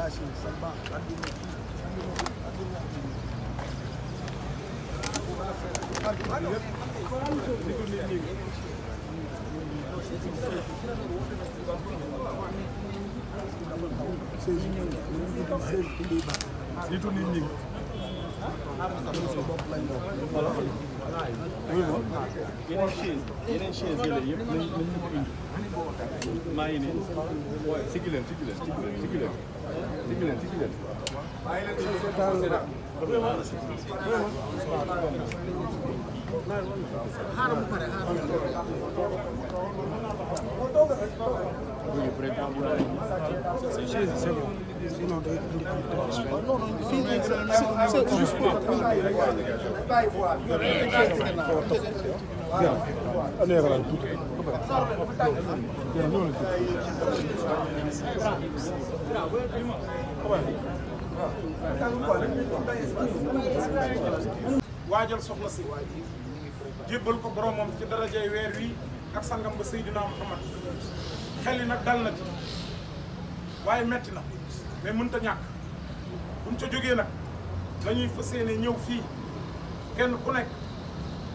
Sejinyo, yon yon yon yon yon yon yon yon yeneen chaise yeneen chaise yi la yëpp nañ nañ ñu ko indi maa ngi ne siggi leen siggi leen siggi leen siggi leen siggi leen xaaral mu pare xaaral waajal soxna si jébbal ko boromam ci darajay weer wi ak sangam ba Seydina Muhammad xel yi nag dal na ci waaye metti na mais mënut a ñàkk buñ ca jógee nag dañuy fa yéene ñëw fii kenn ku nekk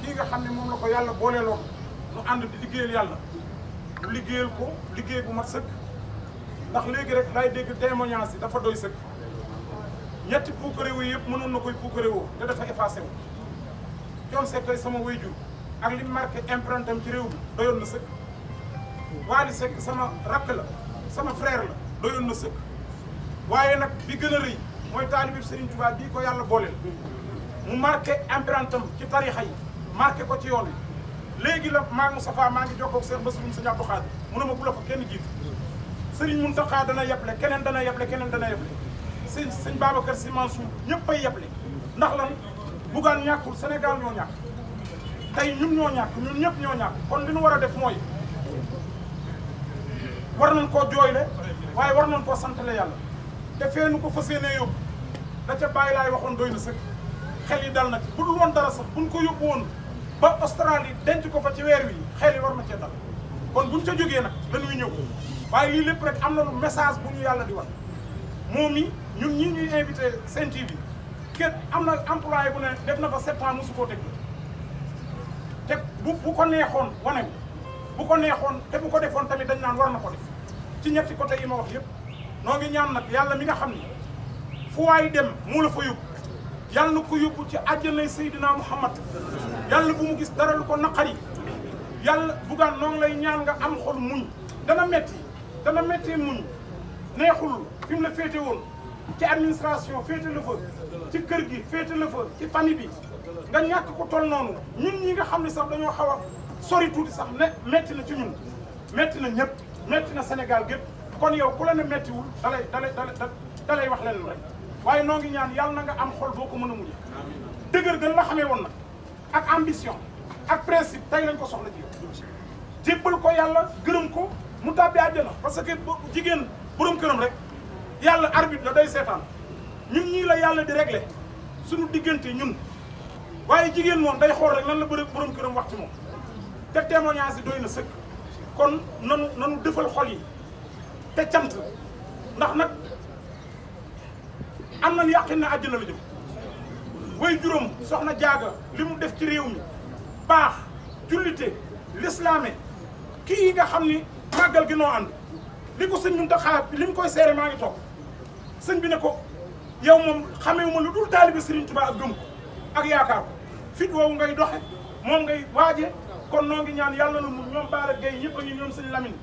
kii nga xam ne moom la ko yàlla booleeloon nu ànd di liggéeyal yàlla liggéeyal ko liggéey bu mat sëkk ndax léegi rek lay dégg témoignage yi dafa doy sëkk ñetti puukaréewu yëpp mënoon na koy puukaréewoo te dafa effacé wu coon seet tey sama wéyjur ak li marqué empreinte am ci réew mi doyoon na sëkk Wally sama rakk la sama frère doyoon na sëkk waaye nag bi gën a rëy mooy ni taalibi sëriñ Touba bii ko yàlla booleel mu marqué empreinte am ci tarixa yi marqué ko ci yoon wi léegi la maa ngi Moustapha maa ngi jokkoo ak Cheikh Bassirou Serigne Abdou Khadre mu ne ma bu la fa kenn jiitu Serigne Mountakha dana yeble keneen dana yeble keneen dana yeble sëñ sëñ Babacar Sy Mansour ñëpp ay yeble ndax lan bugaan ñàkkul Sénégal ñoo ñàkk tey ñun ñoo ñàkk ñun ñëpp ñoo ñàkk kon li ñu war a def mooy war nañ koo jooyle waaye war nañ koo santale yàlla defee nu ko fas yéenee yóbbu da ca bàyyi laay waxoon doy na sëkk xel yi dal na ci bu dul woon dara sax buñ ko yóbbu woon ba Australie denc ko fa ci weer wi xel yi war na cee dal kon buñ ca jógee nag dañuy ñëw waaye lii lépp rek am na lu message bu ñu yàlla di wax moom yi ñun ñii ñuy invité Sen yi kenn am na employé bu ne def na fa sept ans mosu koo teg te bu bu ko neexoon wanewu bu ko neexoon te bu ko defoon tamit dañ naan war na ko def ci ñetti côté yi ma wax yëpp noo ngi ñaan nag yàlla mi nga xam ne fu waay dem mu la fa yóbbu yàlla ko yóbbu ci àjjanay Seydina Muhammad yàlla bu mu gis dara lu ko naqari yàlla bugaan noo ngi lay ñaan nga am xol muñ dana metti dana mettee muñ neexul fi la féete woon ci administration féete la fa ci kër gi féete la fa ci famille bi nga ñàkk ko toll noonu ñun ñi nga xam ne sax dañoo xaw a sori tuuti sax ne metti na ci ñun metti na ñëpp metti na Sénégal gépp kon yow ku la ne mettiwul dalay dalay dalay dalay wax leen rek waaye noo ngi ñaan yàlla na nga am xol boo ko mën a mujj dëgër gën la xamee woon nag ak ambition ak principe tey lañ ko soxla ci yow ko yàlla gërëm ko mu tàbbi àjjana parce que jigéen borom këram rek yàlla arbitre la day seetaan ñun ñii la yàlla di régler suñu diggante ñun waaye jigéen moom day xool rek lan la bëri borom këram wax ci moom te témoignage doy na sëkk kon nanu nanu defal xol yi te cant ndax nag am nañu yàqin na àddina la jëm way juróom soxna jaaga li mu def ci réew mi baax jullite lislaame kii yi nga xam ni màggal gi noo ànd li ko sëñ Muntaxa li mu koy seere maa ngi toog sën bi ne ko yow moom xamewuma lu dul taalibe Sëriñ Tuubaa ak gëm ak yaakaar fit woowu ngay doxe moom ngay waaje kon noo ngi ñaan yàlla na mu ñoom Baara Gueye ñëpp a ngi ñoom sëñ Lamine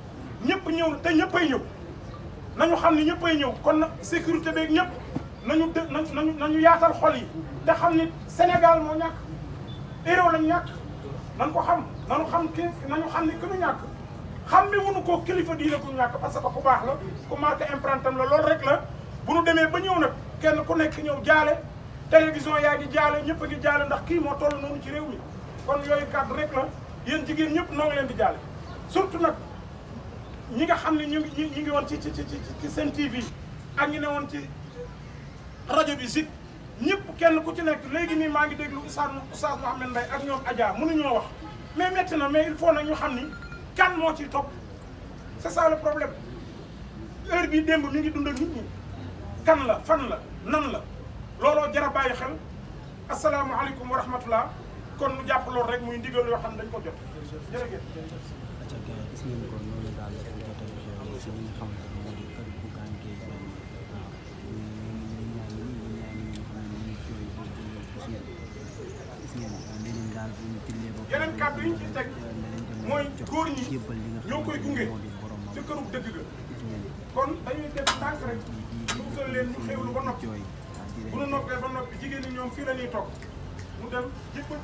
ñëpp ñëw te ñëppay ñëw nañu xam ne ñëppay ñëw kon nag sécurité beeg ñëpp nañu dë nañu ñu yaatal xol yi te xam ni Sénégal moo ñàkk héros lañ ñàkk nañ ko xam nañu xam ki nañu xam ni ku ñu ñàkk xam ne mënu koo kilifa diine ku ñàkk parce que ku baax la ku marqué empreinte la loolu rek la bu nu demee ba ñëw nag kenn ku nekk ñëw jaale télévision yaa ngi jaale ñëpp a ngi jaale ndax kii moo toll noonu ci réew mi kon yooyu kàddu rek la yéen jigéen ñëpp noo leen di jaale surtout nag ñi nga xam ne ñu ngi ñu woon ci ci ci ci seen TV ak ñi ne woon ci rajo bi Zik ñëpp kenn ku ci nekk léegi nii maa ngi déglu Oustaz xam Mouhamed Mbaye ak ñoom ajaa mun Adja mënuñoo wax mais métti na mais il faut na ñu xam ni kan moo ciy topp c'est ça le problème heure bii démb mi ngi dund ak nit kan la fan la nan la. looloo jar a bàyyi xel asalaamaaleykum kon mu jàpp loolu rek muy ndigal yoo xam ne dañ ko jot jërëjëf gis ngeen daal la ko jotee si li nga xamante ne moo di kër bu gànkee benn waaw ñu ñaan ñi ñu ñaan ñi ñu jooy yi ñu ci teg mooy góor ñi ñoo koy gunge ci këru dëgg ga kon dañuy def tànk rek ñu utal leen ñu xewlu ba noppi bu nu noppee ba noppi jigéen ñi ñoom fii la ñuy toog mu dem jëppal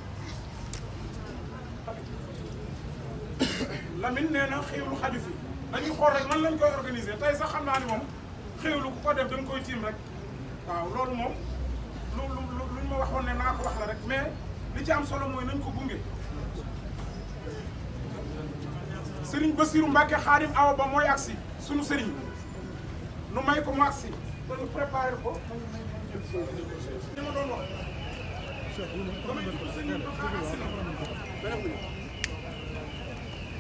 Lamine nee na xéwlu xaju fi dañuy xool rek man lañ koy organiser tey sax xam naa ni moom xéwlu ku ko def da koy tiim rek waaw loolu moom lu lu luñ ma waxoon ne naa ko wax la rek mais li ci am solo mooy nañ ko gunge. Sëriñ Basiru Mbàkke Xaadim Awa Ba mooy agsi sunu sëriñ nu may ko mu agsi dañu préparé ko.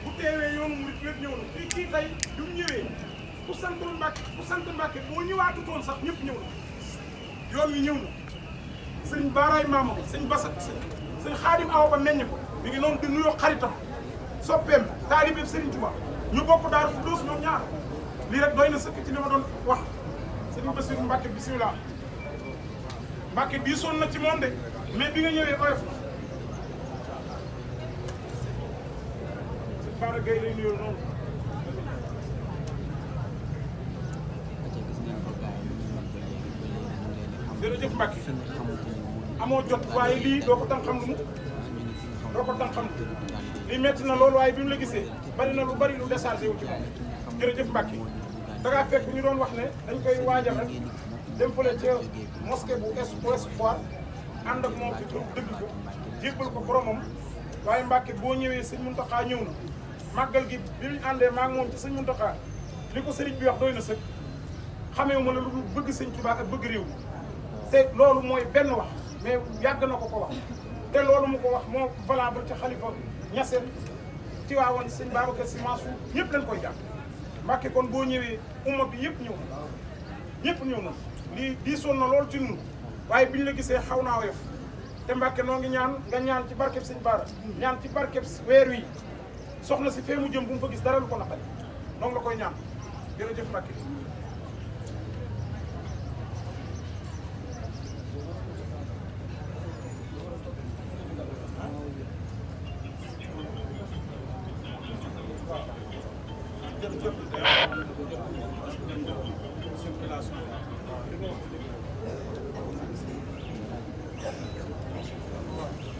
bu teewee yoonu murit yëpp ñëw na fii kii tey du ñëwee ku sant Mbàkke ku sant Mbàkke boo ñëwaatutoon sax ñëpp ñëw na yoon wi ñëw na sëñ baaraay maama ko sëñ basa sëñ xaadim awa ba meññ ko mi ngi noonu di nuyoo xaritam soppeem taalibeem sëriñ Tuubaa ñu bokk daaru fu dóos ñoom ñaar lii rek doy na sëkk ci li ma doon wax sëriñ Basiru Mbàkke bisimilah Mbàkke bii sonn na ci moom de mais bi nga ñëwee oyof na. Bara Gaye lay nuyoo noonu. jërëjëf Mbàkke amoo jot waaye lii doo ko tan xam lu mu doo ko tan xam lii metti na loolu waaye bi mu la gisee bari na lu bari lu déchargé wu ci moom jërëjëf Mbàkke da ngaa fekk ñu doon wax ne dañ koy waajal dem fële ca mosquée bu Ouest Foire ànd ak moom ci tur dëgg ko jébbal ko boromam waaye Mbàkke boo ñëwee sëñ Muntaxa ñëw na màggal gi bi ñu àndee maa ngi moom ci sëñ Muntaxa li ko sëriñ bi wax doy na sëkk xamee ma la lu bëgg sëñ Tuubaa ak bëgg réew te loolu mooy benn wax mais yàgg na ko ko wax te loolu mu ko wax moo valable ci xalifa ñaseen ci waawoon sëñ Babacar Si Mansour dañ koy jàpp Mbàkke kon boo ñëwee umma bi yëpp ñëw na ñëpp ñëw lii diisoon na lool ci waaye bi ñu la gisee xaw naa woyof te Mbàkke noo ngi ñaan nga ñaan ci barkeb sëñ Baara ñaan ci barkeb weer wi soxna si fee mu jëm bu mu fa gis dara lu ko naqari noo la koy ñaan jërëjëf Mbàkke circulation Thank you.